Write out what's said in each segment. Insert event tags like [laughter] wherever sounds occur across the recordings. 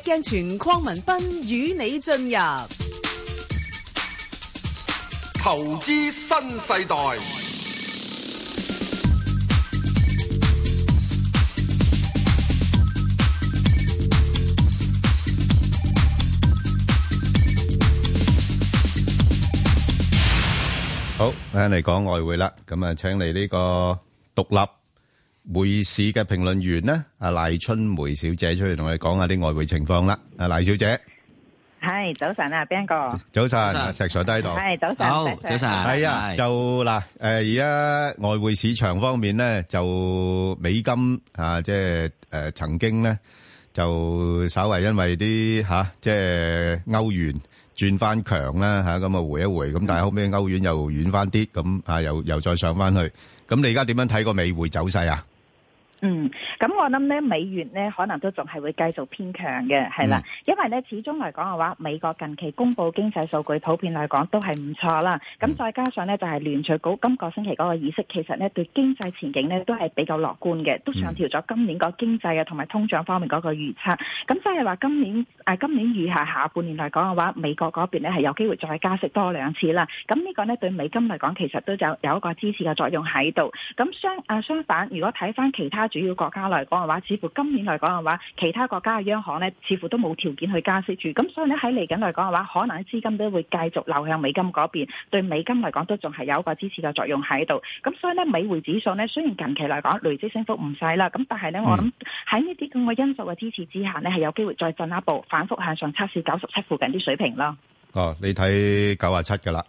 鏡泉鄺文斌與你進入投資新，新世代。好，嚟講外匯啦。咁啊，請嚟呢個獨立。匯市嘅評論員咧，阿賴春梅小姐出嚟同我哋講下啲外匯情況啦。阿賴小姐，係早晨啊，邊個，早晨，石 sir 喺度係早晨，早晨係啊。就嗱，誒，而家外匯市場方面咧，就美金吓，即係誒，曾經咧就稍為因為啲吓，即係歐元轉翻強啦吓，咁啊回一回咁，但係後尾歐元又軟翻啲咁啊，又又再上翻去咁。你而家點樣睇個美匯走勢啊？嗯，咁我諗咧，美元咧可能都仲係會繼續偏強嘅，係啦，嗯，因為咧始終嚟講嘅話，美國近期公布經濟數據普遍嚟講都係唔錯啦，咁再加上咧就係聯儲局今個星期嗰個議息，其實咧對經濟前景咧都係比較樂觀嘅，都上調咗今年個經濟啊同埋通脹方面嗰個預測，咁即係話今年誒、哎、今年餘下下半年嚟講嘅話，美國嗰邊咧係有機會再加息多兩次啦，咁呢個呢，對美金嚟講其實都有有一個支持嘅作用喺度，咁相啊相反，如果睇翻其他。主要國家來講嘅話，似乎今年來講嘅話，其他國家嘅央行呢，似乎都冇條件去加息住。咁所以呢，喺嚟緊來講嘅話，可能資金都會繼續流向美金嗰邊，對美金嚟講都仲係有一個支持嘅作用喺度。咁所以呢，美匯指數呢，雖然近期嚟講累積升幅唔細啦，咁但係呢，我諗喺呢啲咁嘅因素嘅支持之下呢，係有機會再進一步反覆向上測試九十七附近啲水平咯。哦，你睇九啊七嘅啦。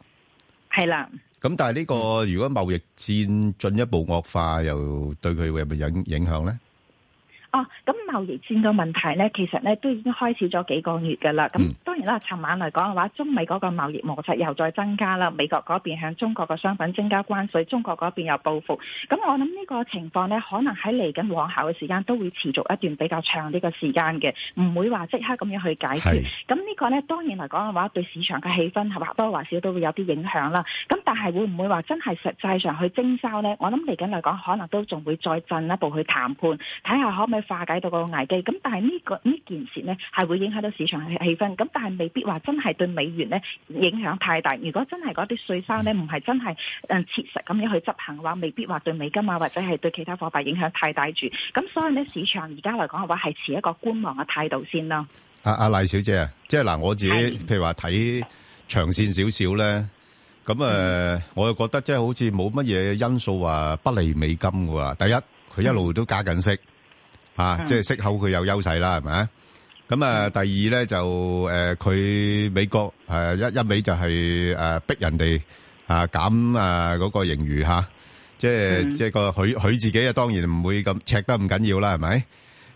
係啦，咁但係呢個如果貿易戰進一步惡化，又對佢會唔會影影響咧？哦，咁貿易戰嘅問題呢，其實呢都已經開始咗幾個月㗎喇。咁當然啦，尋晚嚟講嘅話，中美嗰個貿易摩擦又再增加啦。美國嗰邊向中國嘅商品增加關稅，中國嗰邊又報復。咁我諗呢個情況呢，可能喺嚟緊往後嘅時間都會持續一段比較長呢個時間嘅，唔會話即刻咁樣去解決。咁呢個呢，當然嚟講嘅話，對市場嘅氣氛係或多或少都會有啲影響啦。咁但係會唔會話真係實際上去徵收呢？我諗嚟緊嚟講，可能都仲會再進一步去談判，睇下可唔可以。化解到嗰個危機，咁但係呢個呢件事咧，係會影響到市場嘅氣氛。咁但係未必話真係對美元咧影響太大。如果真係嗰啲稅收咧唔係真係誒切實咁樣去執行嘅話，未必話對美金啊或者係對其他貨幣影響太大住。咁所以咧，市場而家嚟講嘅話，係持一個觀望嘅態度先咯。阿阿賴小姐啊，即係嗱，我自己譬如話睇長線少少咧，咁誒，我又覺得即係好似冇乜嘢因素話不利美金嘅。第一，佢一路都加緊息。啊，即係息口佢有優勢啦，係咪？咁啊，第二咧就誒，佢美國誒，一一味就係誒逼人哋啊減啊嗰個盈餘吓，即係即係個佢佢自己啊，當然唔會咁赤得唔緊要啦，係咪？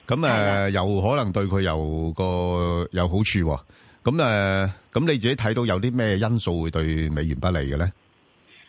咁誒，又可能對佢有個有好處，咁誒，咁你自己睇到有啲咩因素會對美元不利嘅咧？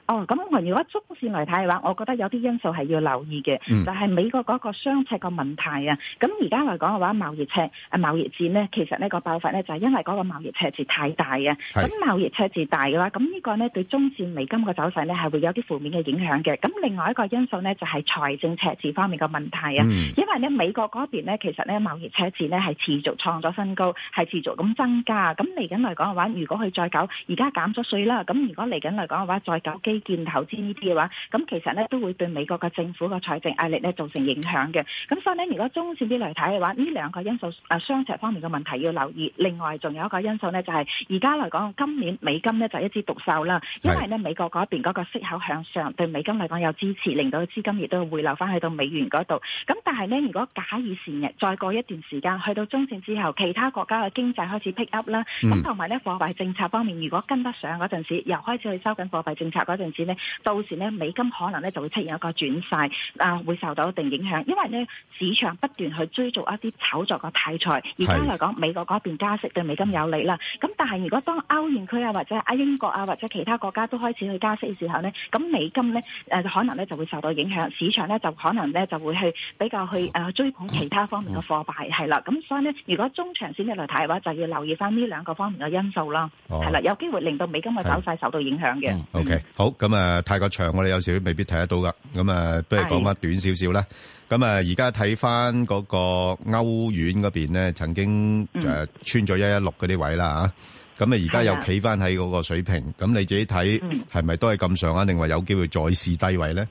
哦，咁我如果中線嚟睇嘅話，我覺得有啲因素係要留意嘅、嗯，就係、是、美國嗰個雙赤個問題啊。咁而家嚟講嘅話，貿易赤貿易戰呢，其實呢個爆發呢，就係、是、因為嗰個貿易赤字太大啊。咁貿易赤字大嘅話，咁呢個呢對中線美金嘅走勢呢係會有啲負面嘅影響嘅。咁另外一個因素呢，就係、是、財政赤字方面嘅問題啊、嗯。因為呢美國嗰邊呢其實呢貿易赤字呢係持續創咗新高，係持續咁增加。咁嚟緊嚟講嘅話，如果佢再搞，而家減咗稅啦，咁如果嚟緊嚟講嘅話再搞基建投資呢啲嘅話，咁其實咧都會對美國嘅政府嘅財政壓力咧造成影響嘅。咁所以呢，如果中線啲嚟睇嘅話，呢兩個因素誒，雙、啊、赤方面嘅問題要留意。另外仲有一個因素咧，就係而家嚟講，今年美金咧就一枝獨秀啦。因為咧美國嗰邊嗰個息口向上，對美金嚟講有支持，令到資金亦都會回流翻去到美元嗰度。咁但係呢，如果假以時日，再過一段時間，去到中線之後，其他國家嘅經濟開始 pick up 啦，咁同埋咧貨幣政策方面，如果跟得上嗰陣時，又開始去收緊貨幣政策嗰陣。甚至咧，到時咧，美金可能咧就會出現一個轉勢，啊，會受到一定影響。因為咧，市場不斷去追逐一啲炒作嘅題材。而家嚟講，美國嗰邊加息對美金有利啦。咁但係如果當歐元區啊，或者啊英國啊，或者其他國家都開始去加息嘅時候咧，咁美金咧、啊，可能咧就會受到影響。市場咧就可能咧就會去比較去、啊、追捧其他方面嘅貨幣係啦。咁、嗯、所以呢，如果中長線嚟睇嘅話，就要留意翻呢兩個方面嘅因素啦。係、啊、啦，有機會令到美金嘅走勢受到影響嘅。嗯、o、okay. K，、嗯、好。咁啊，太過長我哋有時都未必睇得到噶。咁啊，不如講翻短少少啦。咁啊，而家睇翻嗰個歐元嗰邊咧，曾經誒穿咗一一六嗰啲位啦吓。咁、嗯、啊，而家又企翻喺嗰個水平。咁、啊、你自己睇係咪都係咁上下？定話有機會再試低位咧？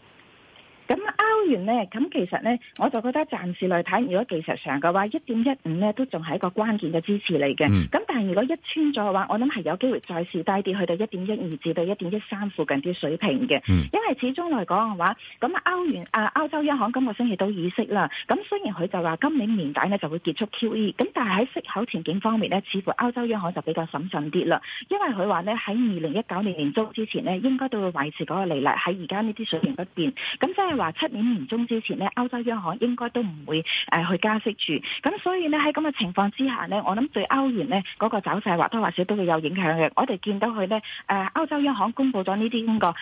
咁其實呢，我就覺得暫時嚟睇，如果技術上嘅話，一點一五呢都仲係一個關鍵嘅支持嚟嘅。咁、嗯、但係如果一穿咗嘅話，我諗係有機會再次低啲去到一點一二至到一點一三附近啲水平嘅、嗯。因為始終嚟講嘅話，咁歐元啊，歐洲央行今個星期都議息啦。咁雖然佢就話今年年底呢就會結束 QE，咁但係喺息口前景方面呢，似乎歐洲央行就比較審慎啲啦。因為佢話呢，喺二零一九年年中之前呢應該都會維持嗰個利率喺而家呢啲水平不變。咁即係話七年，年中之前呢，歐洲央行應該都唔會誒去加息住，咁所以呢，喺咁嘅情況之下呢，我諗對歐元呢嗰個走勢或多或少都會有影響嘅。我哋見到佢呢，誒歐洲央行公布咗呢啲咁個誒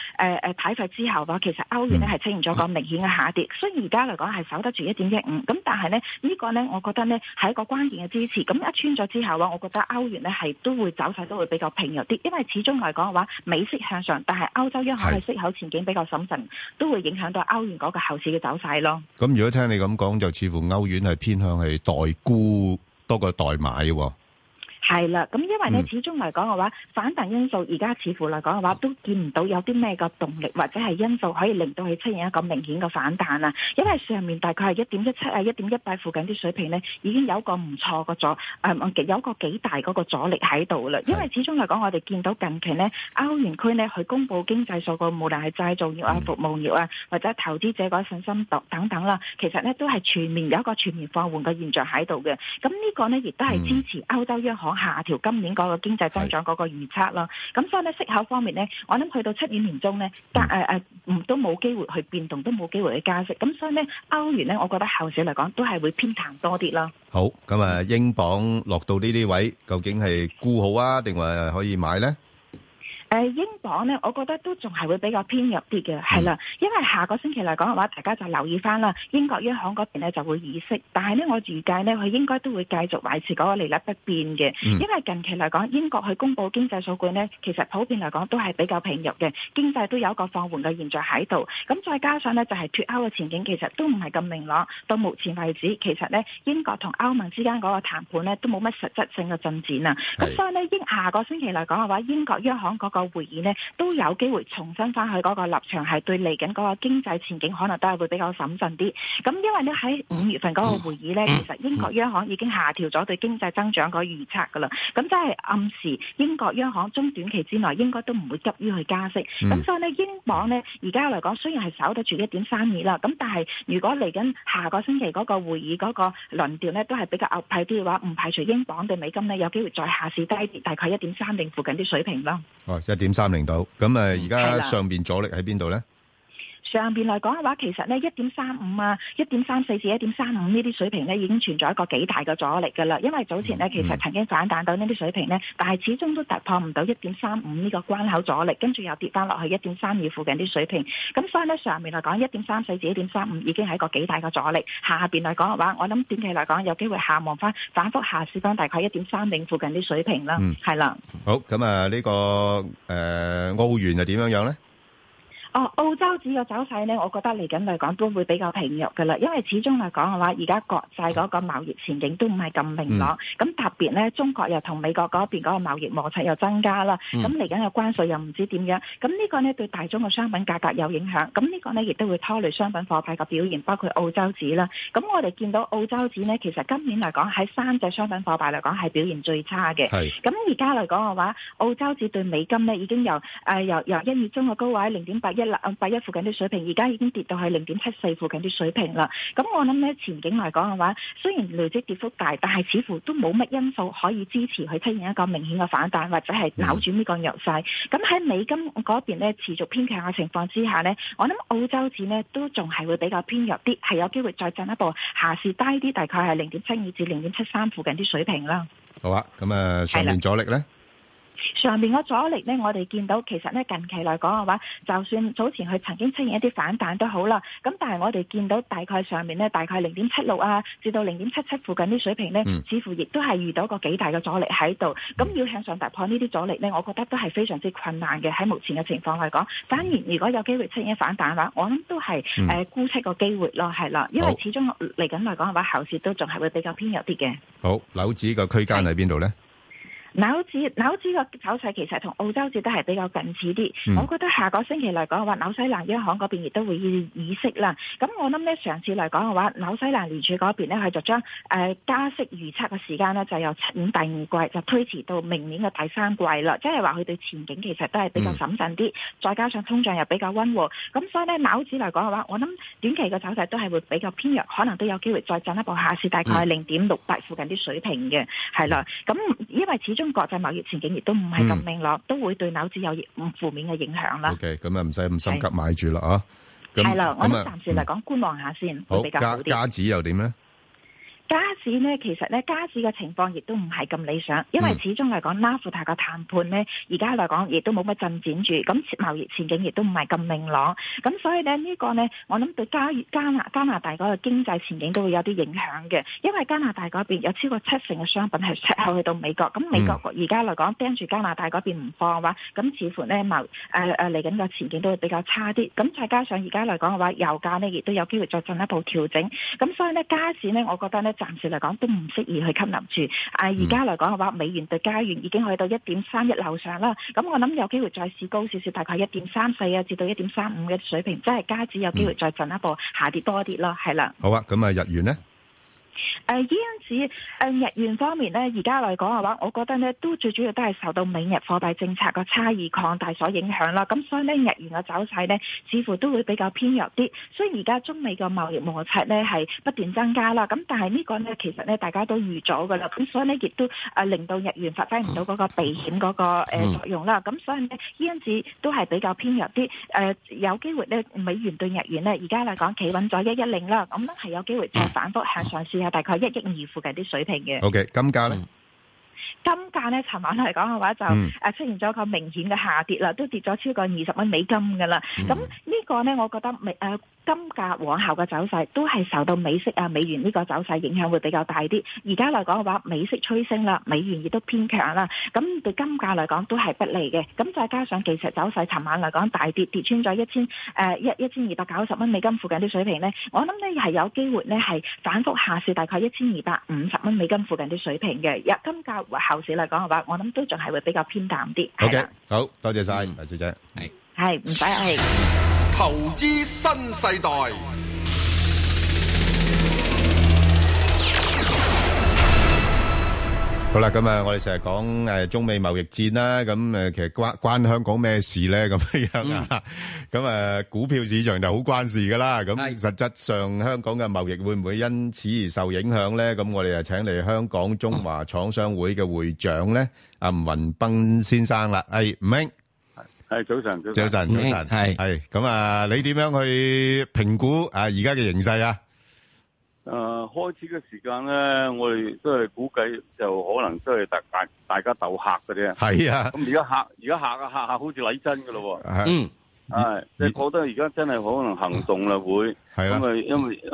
誒睇法之後嘅話，其實歐元呢係出現咗個明顯嘅下跌。雖然而家嚟講係守得住一點一五，咁但係呢，呢、呢個呢我覺得呢係一個關鍵嘅支持。咁一穿咗之後嘅話，我覺得歐元呢係都會走勢都會比較平弱啲，因為始終嚟講嘅話，美息向上，但係歐洲央行嘅息口前景比較審慎，都會影響到歐元嗰個後。自己走晒咯。咁如果聽你咁講，就似乎歐元係偏向係代沽多過代買喎。係啦，咁因為咧，始終嚟講嘅話，反彈因素而家似乎嚟講嘅話，都見唔到有啲咩個動力或者係因素可以令到佢出現一個明顯嘅反彈啦。因為上面大概係一點一七啊，一點一八附近啲水平咧，已經有個唔錯嘅阻，係、嗯、有個幾大嗰個阻力喺度啦。因為始終嚟講，我哋見到近期呢，歐元區呢，佢公佈經濟數據，無論係製造業啊、服務業啊，或者投資者嗰個信心度等等啦，其實呢，都係全面有一個全面放緩嘅現象喺度嘅。咁、這、呢個呢，亦都係支持歐洲央行。下調今年嗰個經濟增長嗰個預測咯，咁所以咧，息口方面咧，我諗去到七月年中咧加，誒、誒，都冇機會去變動，都冇機會去加息，咁所以咧，歐元咧，我覺得後者嚟講都係會偏淡多啲咯。好，咁啊，英鎊落到呢啲位，究竟係沽好啊，定話可以買咧？誒，英鎊咧，我覺得都仲係會比較偏弱啲嘅，係、嗯、啦，因為下個星期嚟講嘅話，大家就留意翻啦，英國央行嗰邊咧就會議息，但係呢，我預計呢，佢應該都會繼續維持嗰個利率不變嘅、嗯，因為近期嚟講，英國去公布經濟數據呢，其實普遍嚟講都係比較疲弱嘅，經濟都有一個放緩嘅現象喺度，咁再加上呢，就係、是、脱歐嘅前景其實都唔係咁明朗，到目前為止其實呢，英國同歐盟之間嗰個談判呢都冇乜實質性嘅進展啊，咁所以呢，英下個星期嚟講嘅話，英國央行嗰、那個那個、會議呢都有機會重新翻去嗰個立場，係對嚟緊嗰個經濟前景可能都係會比較審慎啲。咁因為呢，喺五月份嗰個會議呢，其實英國央行已經下調咗對經濟增長嗰個預測噶啦。咁即係暗示英國央行中短期之內應該都唔會急於去加息。咁、嗯、所以呢，英鎊呢，而家嚟講雖然係守得住一點三二啦，咁但係如果嚟緊下個星期嗰個會議嗰個論調呢，都係比較牛派啲嘅話，唔排除英鎊對美金呢，有機會再下市低大概一點三定附近啲水平咯。一點三零度，咁誒，而家上面阻力喺邊度咧？上邊嚟講嘅話，其實咧一點三五啊、一點三四至一點三五呢啲水平咧，已經存在一個幾大嘅阻力㗎啦。因為早前咧，其實曾經反彈到呢啲水平咧，嗯，但係始終都突破唔到一點三五呢個關口阻力，跟住又跌翻落去一點三二附近啲水平。咁所以咧，上面嚟講一點三四至一點三五已經係一個幾大嘅阻力。下邊嚟講嘅話，我諗短期嚟講有機會下望翻反覆下試翻大概一點三零附近啲水平啦。係、嗯、啦。好，咁啊、這個，呢個誒澳元又點樣樣咧？哦，澳洲紙嘅走勢呢，我覺得嚟緊嚟講都會比較平弱嘅啦，因為始終嚟講嘅話，而家國際嗰個貿易前景都唔係咁明朗，咁、嗯、特別呢，中國又同美國嗰邊嗰個貿易摩擦又增加啦，咁嚟緊嘅關稅又唔知點樣，咁呢個呢，對大宗嘅商品價格有影響，咁呢個呢，亦都會拖累商品貨幣嘅表現，包括澳洲紙啦。咁我哋見到澳洲紙呢，其實今年嚟講喺三隻商品貨幣嚟講係表現最差嘅。咁而家嚟講嘅話，澳洲紙對美金呢，已經由誒、呃、由由一月中嘅高位零點八一。一零一附近啲水平，而家已經跌到係零點七四附近啲水平啦。咁我諗咧，前景嚟講嘅話，雖然累積跌幅大，但係似乎都冇乜因素可以支持佢出現一個明顯嘅反彈，或者係扭轉呢個弱勢。咁喺美金嗰邊咧，持續偏強嘅情況之下呢，我諗澳洲紙呢都仲係會比較偏弱啲，係有機會再進一步下市低啲，大概係零點七二至零點七三附近啲水平啦。好啊，咁啊，上面阻力呢？上面嘅阻力呢，我哋見到其實近期嚟講嘅話，就算早前佢曾經出現一啲反彈都好啦。咁但係我哋見到大概上面呢，大概零點七六啊，至到零點七七附近啲水平呢，嗯、似乎亦都係遇到個幾大嘅阻力喺度。咁、嗯、要向上突破呢啲阻力呢，我覺得都係非常之困難嘅。喺目前嘅情況嚟講，反而如果有機會出現反彈嘅話，我諗都係誒估測個機會咯，係啦，因為始終嚟緊嚟講嘅話，後市都仲係會比較偏弱啲嘅。好，樓子個區間喺邊度呢？紐紙，紐紙個走勢其實同澳洲指都係比較近似啲、嗯，我覺得下個星期嚟講嘅話，紐西蘭央行嗰邊亦都會議息啦。咁我諗咧，上次嚟講嘅話，紐西蘭聯儲嗰邊咧，佢就將誒、呃、加息預測嘅時間咧，就由五第二季就推遲到明年嘅第三季啦。即係話佢對前景其實都係比較謹慎啲、嗯，再加上通脹又比較溫和，咁所以咧紐紙嚟講嘅話，我諗短期嘅走勢都係會比較偏弱，可能都有機會再進一步下試大概零點六八附近啲水平嘅，係、嗯、啦。咁因為始終。中國際貿易前景亦都唔係咁明朗、嗯，都會對樓市有唔負面嘅影響啦。OK，咁啊唔使咁心急買住啦啊，係啦，我哋暫時嚟講觀望下先、嗯，會比較好啲。家指又點咧？加市呢，其實呢，加市嘅情況亦都唔係咁理想，因為始終嚟講，mm. 拉夫大嘅談判呢，而家嚟講亦都冇乜進展住，咁貿易前景亦都唔係咁明朗，咁所以呢，呢、呢個呢，我諗對加加拿，加拿大加拿大嗰個經濟前景都會有啲影響嘅，因為加拿大嗰邊有超過七成嘅商品係出口去到美國，咁美國而家嚟講盯住加拿大嗰邊唔放嘅話，咁似乎呢，誒誒嚟緊個前景都會比較差啲，咁再加上而家嚟講嘅話，油價呢亦都有機會再進一步調整，咁所以呢，加市呢，我覺得呢。暫時嚟講都唔適宜去吸納住。啊，而家嚟講嘅話，美元對加元已經去到一點三一樓上啦。咁我諗有機會再試高少少，大概一點三四啊，至到一點三五嘅水平，即係加元有機會再進一步、嗯、下跌多啲咯，係啦。好啊，咁啊日元咧。誒、呃，依樣子誒，日元方面咧，而家嚟講嘅話，我覺得咧都最主要都係受到美日貨幣政策個差異擴大所影響啦。咁所以咧，日元嘅走勢咧，似乎都會比較偏弱啲。所以而家中美嘅貿易摩擦咧係不斷增加啦。咁但係呢個咧其實咧大家都預咗噶啦。咁所以咧亦都誒、啊、令到日元發揮唔到嗰個避險嗰個誒作用啦。咁所以咧，依樣子都係比較偏弱啲。誒、呃，有機會咧，美元兌日元咧，而家嚟講企穩咗一一零啦。咁咧係有機會再反復向上市。有大概一億二附近啲水平嘅。O K，金價咧。金價咧，尋晚嚟講嘅話就誒出現咗一個明顯嘅下跌啦，都跌咗超過二十蚊美金㗎啦。咁呢個咧，我覺得美誒金價往後嘅走勢都係受到美息啊、美元呢個走勢影響會比較大啲。而家嚟講嘅話，美息趨升啦，美元亦都偏強啦。咁對金價嚟講都係不利嘅。咁再加上技術走勢，尋晚嚟講大跌，跌穿咗一千誒一一千二百九十蚊美金附近啲水平咧。我諗咧係有機會咧係反覆下試大概一千二百五十蚊美金附近啲水平嘅。若金價後市嚟講嘅話，我諗都仲係會比較偏淡啲。Okay。好嘅，好多謝晒，賴、嗯、小姐，係係唔使客氣，係投資新世代。好啦，咁啊，我哋成日講誒中美貿易戰啦，咁誒其實關關香港咩事咧？咁樣啊，咁誒股票市場就好關事噶啦。咁實質上香港嘅貿易會唔會因此而受影響咧？咁我哋啊請嚟香港中華廠商會嘅會長咧，阿吳宏斌先生啦。係吳生，係早晨，早晨，早晨，係係。咁啊，你點樣去評估啊而家嘅形勢啊？誒、呃，開始嘅時間咧，我哋都係估計就可能都係大大大家鬥客嗰啲啊。係啊，咁而家客，而家客啊，客下好似禮真噶咯。嗯，係、嗯，即係覺得而家真係可能行動啦、嗯、會，係啦、啊，因為因為誒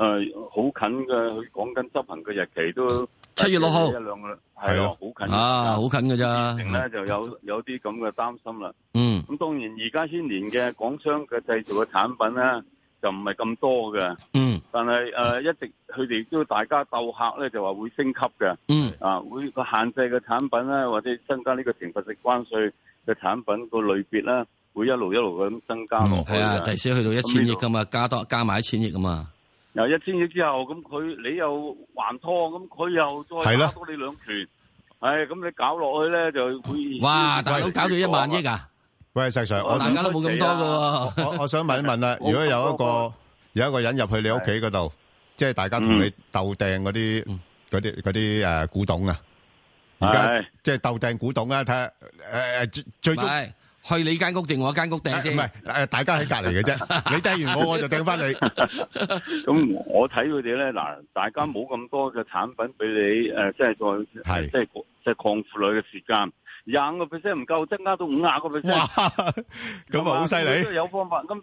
好近嘅，佢講緊執行嘅日期都七月六號一兩個係啊，好近啊，好近嘅咋。成咧就有有啲咁嘅擔心啦。嗯，咁、嗯嗯、當然而家先年嘅港商嘅製造嘅產品咧。就唔係咁多嘅，嗯，但係誒、呃、一直佢哋都大家鬥客咧，就話會升級嘅，嗯，啊會個限制嘅產品咧，或者增加呢個懲罰性關稅嘅產品個類別啦，會一路一路咁增加落去。嗯、啊，至少去到一千、啊、億㗎嘛，加多加埋一千億㗎嘛。由一千億之後，咁佢你又還拖，咁佢又再加多你兩拳，係咁、哎、你搞落去咧，就會哇大佬搞到一萬億啊！喂，世常，我大家都冇咁多嘅。 [laughs] 我我想問一問啦，如果有一個有一個人入去你屋企嗰度，即係大家同你鬥掟嗰啲啲啲誒古董啊，而家即係鬥掟古董啊，睇下誒最最終去你間屋定我間屋掟先？唔係，誒大家喺隔籬嘅啫，你掟完我，我就掟翻你。咁我睇佢哋咧，嗱，大家冇咁 [laughs] [laughs] 多嘅產品俾你誒、呃，即係再即係即係擴闊你嘅時間。是廿個 percent 唔夠，增加到五廿個 percent，咁啊好犀利！有方法，咁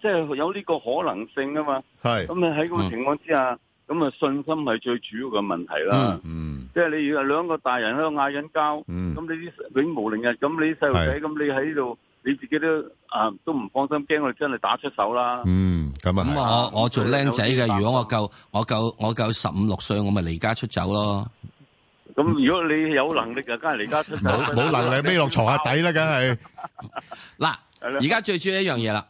即係有呢個可能性啊嘛。係，咁你喺咁嘅情況之下，咁、嗯、啊信心係最主要嘅問題啦。嗯，嗯即係你如果兩個大人喺度嗌緊交，咁、嗯、你啲永無寧日。咁你啲細路仔，咁你喺呢度，你自己都啊都唔放心，驚佢真係打出手啦。嗯，咁啊咁啊，我我做僆仔嘅，如果我夠我夠我夠十五六歲，我咪離家出走咯。咁如果你有能力啊，梗係而家出；冇冇能力，咪落床下底啦，梗 [laughs] 係然是。嗱， [laughs] 而家最主要一樣嘢啦，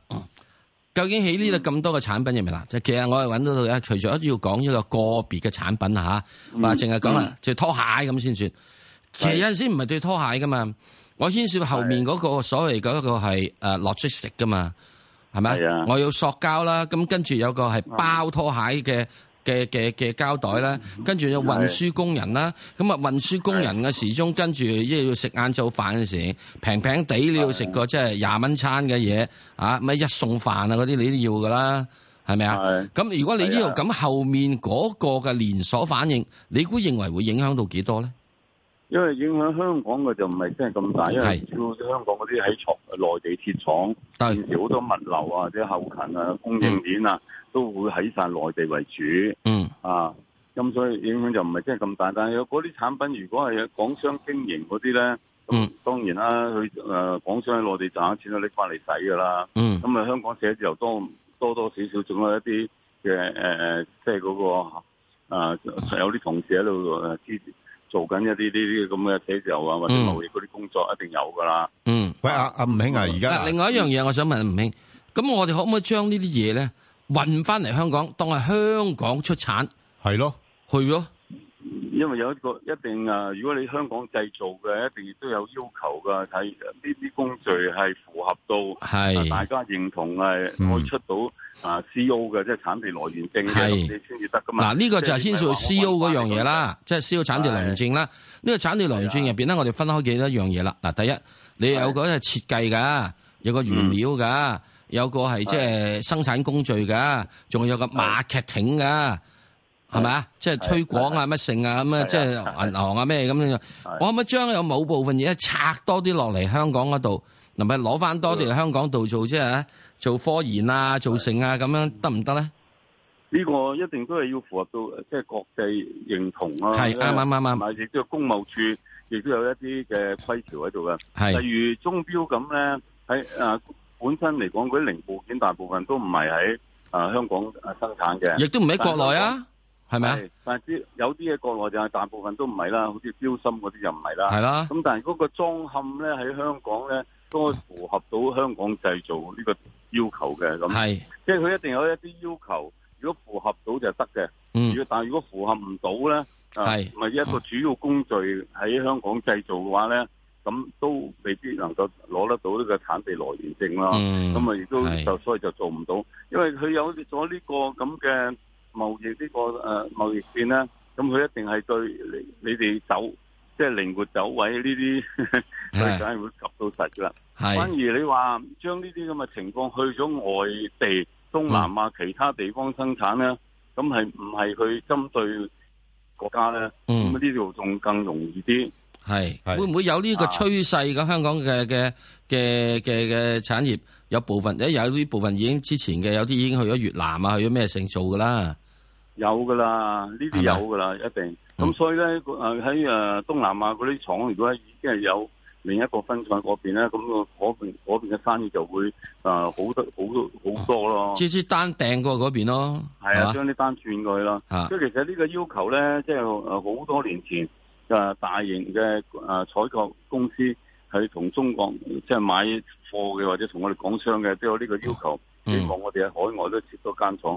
究竟喺呢度咁多嘅產品入面啦，就其實我係揾到到咧，除咗要講一個個別嘅產品啊嚇，話淨係講啊拖鞋咁先算，其實有陣時唔係對拖鞋噶嘛，我牽涉後面嗰個所謂嗰一個係誒 logistic 噶嘛，係咪啊？我要塑膠啦，咁跟住有個係包拖鞋嘅。嘅嘅嘅膠袋啦，跟住有運輸工人啦，咁啊運輸工人嘅時鐘跟住一係要食晏晝飯嘅時候，平平地你要食個即係廿蚊餐嘅嘢啊，咩一餸飯啊，嗰啲你都要噶啦，係咪啊？咁、嗯、如果你呢度咁，後面嗰個嘅連鎖反應，你估認為會影響到幾多咧？因為影響香港嘅就唔係真係咁大，因為主要香港嗰啲喺內地鐵廠，現時好多物流啊、或者後勤啊、供應鏈啊、嗯，都會喺晒內地為主。嗯啊，咁所以影響就唔係真係咁大。但係有嗰啲產品，如果係港商經營嗰啲咧，嗯，當然啦、啊，佢誒港商喺內地賺下錢都拎翻嚟使噶啦。嗯，咁啊，香港社就多多多少少仲有一啲嘅誒，即係嗰、嗰個啊、呃，有啲同事喺度支持。呃做緊一啲呢啲咁嘅時候啊，或者貿易嗰啲工作一定有噶啦、嗯。嗯，喂，阿阿吳興啊，而家、啊、另外一樣嘢，我想問阿吳興，咁我哋可唔可以將呢啲嘢咧運翻嚟香港，當係香港出產？係咯，去咯。因為有一個一定啊，如果你香港製造嘅，一定亦都有要求噶睇呢啲工序係符合到，係大家認同誒，會出到啊 C O 嘅，嗯，即係產地來源證，是你先至得噶嘛。嗱，啊、呢，這個就係牽涉 C O 嗰樣嘢啦，即係 C O 產地來源證啦。呢，這個產地來源證入邊咧，我哋分開幾多樣嘢啦。嗱，第一，你有嗰個設計噶，有個原料噶、嗯，有個係即係生產工序噶，仲有個馬劇艇噶。係咪、就是、啊？即係推廣啊、乜剩啊咁啊！即係銀行啊咩咁樣。我可唔可以將有某部分嘢拆多啲落嚟香港嗰度，同咪攞翻多啲嚟香港度做，即係做科研啊、做盛啊咁樣行行，得唔得咧？呢個一定都係要符合到即係、就是、國際認同啊係啱啱啱啱，亦都有公務處亦都有一啲嘅規條喺度嘅。係例如鐘錶咁咧，喺啊本身嚟講，佢啲零部件大部分都唔係喺香港生產嘅，亦都唔喺國內啊。係咪？但係啲有啲嘅國內就係大部分都唔係啦，好似標心嗰啲就唔係啦。係啦。咁但係嗰個裝嵌咧喺香港咧，都可以符合到香港製造呢個要求嘅咁。係，即係佢一定有一啲要求，如果符合到就得嘅。嗯。如果但係如果符合唔到咧，係，咪、啊就係、一個主要工序喺香港製造嘅話咧，咁都未必能夠攞得到呢個產地來源證啦。嗯。咁咪亦都就，就所以就做唔到，因為佢有咗呢、呢個咁嘅。貿易呢個誒貿易戰啦，咁佢一定係對你哋走即係、就是、靈活走位呢啲，佢梗係會及到實噶啦。係，反而你話將呢啲咁嘅情況去咗外地、東南亞其他地方生產咧，咁係唔係去針對國家咧？嗯，咁呢度仲更容易啲。係，會唔會有呢個趨勢的？咁香港嘅嘅嘅嘅嘅產業有部分，一有啲部分已經之前嘅，有啲已經去咗越南啊，去咗咩城做噶啦？有噶啦，呢啲有噶啦，一定。咁、嗯、所以咧，誒喺誒東南亞嗰啲廠，如果已經係有另一個分廠嗰邊咧，咁個嗰邊嗰邊嘅生意就會誒、啊、好多好多好多咯。即係單訂過嗰邊咯，係啊，將啲單轉過去咯。即、啊、其實呢個要求咧，即係好多年前，大型嘅誒採購公司係同中國即係、就是、買貨嘅，或者同我哋港商嘅都有呢個要求，嗯、希望我哋喺海外都設多間廠。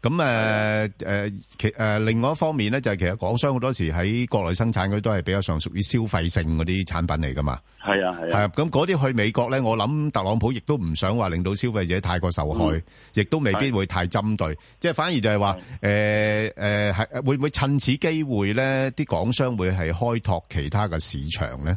咁誒誒，其、呃、另外一方面咧，就係、是、其實港商好多時喺國內生產嗰啲都係比較上屬於消費性嗰啲產品嚟噶嘛。係啊係啊。係啊，咁嗰啲去美國咧，我諗特朗普亦都唔想話令到消費者太過受害，亦、嗯、都未必會太針對。即係、啊、反而就係話誒、誒、啊、係、呃呃、會唔會趁此機會咧，啲港商會係開拓其他嘅市場咧？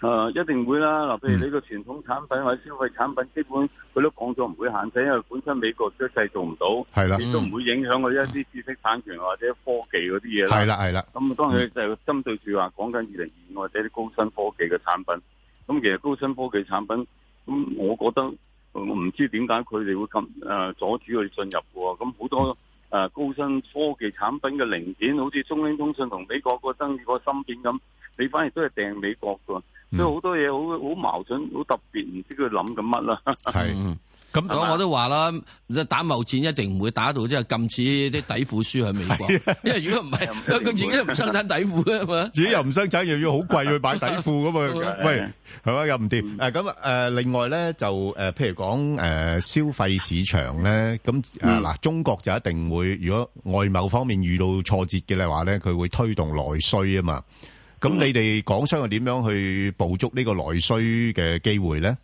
誒、呃，一定會啦。嗱，譬如你個傳統產品或者消費產品，嗯、基本佢都講咗唔會限制，因為本身美國都製造唔到，亦、嗯、都唔會影響我哋一啲知識產權或者科技嗰啲嘢啦。係啦，係啦。咁、嗯、當然就針對住話講緊二零二五或者啲高新科技嘅產品。咁其實高新科技產品，咁我覺得唔知點解佢哋會咁誒、呃、阻住佢哋進入喎。咁好多誒、呃、高新科技產品嘅零件，好似中興通訊同美國嗰爭嗰個芯片咁，你反而都係訂美國嘅。都好多嘢好好矛盾，好特別，唔知佢諗緊乜啦。係，咁所以我都話啦，打貿戰一定唔會打到即係禁止啲底褲輸喺美國，因為如果唔係，佢自己唔生產底褲咧嘛，自己又唔生產，又要好貴去買底褲咁嘛？喂，係嘛又唔掂？誒咁誒，另外咧就誒，譬如講誒消費市場咧，咁誒嗱，中國就一定會，如果外貿方面遇到挫折嘅咧話咧，佢會推動內需啊嘛。咁你哋港商又點樣去捕捉呢個內需嘅機會咧？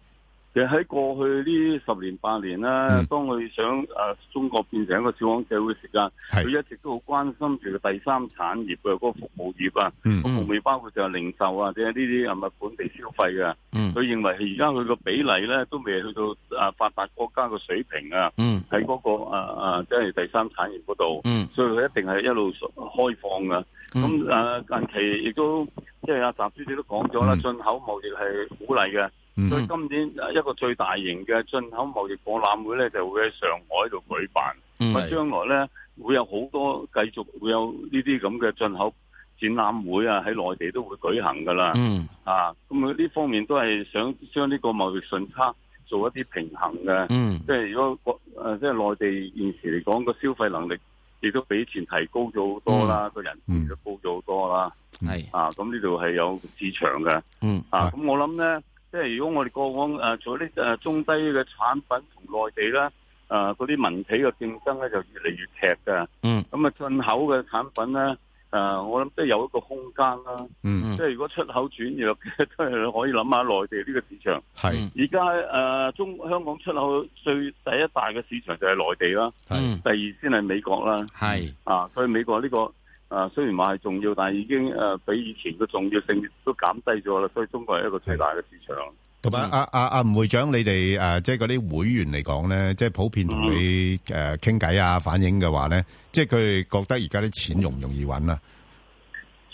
其實喺過去呢十年八年啦、嗯，當佢想誒、呃、中國變成一個小康社會時間，佢一直都好關心譬如第三產業嘅、那個服務業啊、嗯，服務業、嗯、包括就係零售啊，或者呢啲係咪本地消費嘅？佢、嗯、認為而家佢個比例咧都未去到誒、啊、發達國家嘅水平、嗯在那個、啊，喺嗰個誒誒即係第三產業嗰度、嗯，所以佢一定係一路開放噶。咁、嗯、誒、啊、近期亦都即係阿習主席都講咗啦，進口貿易係鼓勵嘅。嗯、所以今年一個最大型嘅進口貿易博覽會咧，就會喺上海度舉辦。咁、嗯、啊，將來咧會有好多繼續會有呢啲咁嘅進口展覽會啊，喺內地都會舉行噶啦、嗯。啊，咁啊呢方面都係想將呢個貿易順差做一啲平衡嘅、嗯。即係如果國誒、呃，即係內地現時嚟講個消費能力，亦都比前提高咗好多啦，個、嗯、人就高咗好多啦。係、嗯、啊，咁呢度係有市場嘅、嗯。啊，咁我諗咧。即係如果我哋過往誒做啲誒中低嘅產品同內地咧，誒嗰啲民企嘅競爭咧就越嚟越劇嘅。嗯，咁啊進口嘅產品咧，誒、呃、我諗都有一個空間啦。嗯，即係如果出口轉弱嘅，都係可以諗下內地呢個市場。係，而家誒中香港出口最第一大嘅市場就係內地啦。係，第二先係美國啦。係，啊所以美國呢、這個。啊，雖然話係重要，但係已經誒比以前嘅重要性都減低咗啦。所以中國係一個最大嘅市場。咁、嗯、啊，阿阿阿吳會長，你哋誒即係嗰啲會員嚟講咧，即係普遍同你誒傾偈啊，反映嘅話咧，即係佢哋覺得而家啲錢容唔容易揾啊？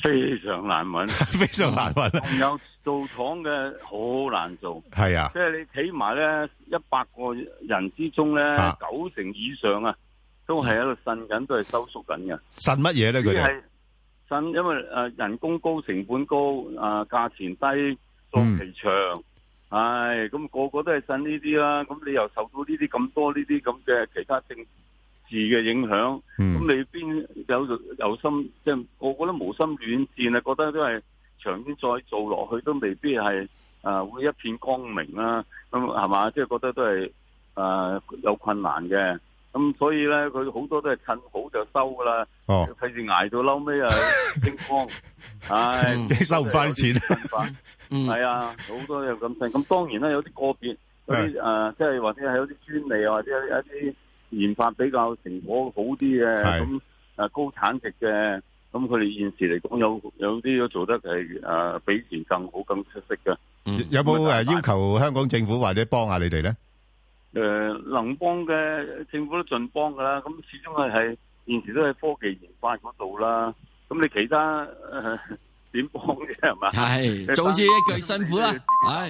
非常難揾， [laughs] 非常難揾。仲有做廠嘅好難做。係啊，即係你起碼咧一百個人之中咧，九、啊、成以上啊。都係喺度呻緊，都係收縮緊嘅。呻乜嘢咧？佢係呻，因為、呃、人工高、成本高、啊、呃、價錢低、工期長，唉、嗯，咁、哎那個個都係呻呢啲啦。咁你又受到呢啲咁多呢啲咁嘅其他政治嘅影響，咁、嗯、你邊有有心即係、就是、我覺得無心戀戰啊？覺得都係長遠再做落去都未必係啊會一片光明啦、啊。咁係嘛？即係、就是、覺得都係啊、呃、有困難嘅。咁、嗯、所以咧，佢好多都係趁好就收噶啦，費事挨到嬲尾、 [laughs] 哎嗯嗯嗯、啊，清光，唉、嗯，收唔翻啲錢，係啊，好多又咁性。咁當然啦，有啲個別啲誒、即係或者係有啲專利，或者係一啲研發比較成果好啲嘅，咁、嗯、高產值嘅，咁佢哋現時嚟講有有啲都做得係誒比前更好、更出色嘅、嗯嗯。有冇、就是、要求香港政府或者幫下你哋咧？誒、呃，能幫嘅政府都盡幫㗎啦，咁始終係係現時都係科技研發嗰度啦，咁你其他誒點幫嘅係嘛？係、呃、總之一句辛苦啦，係。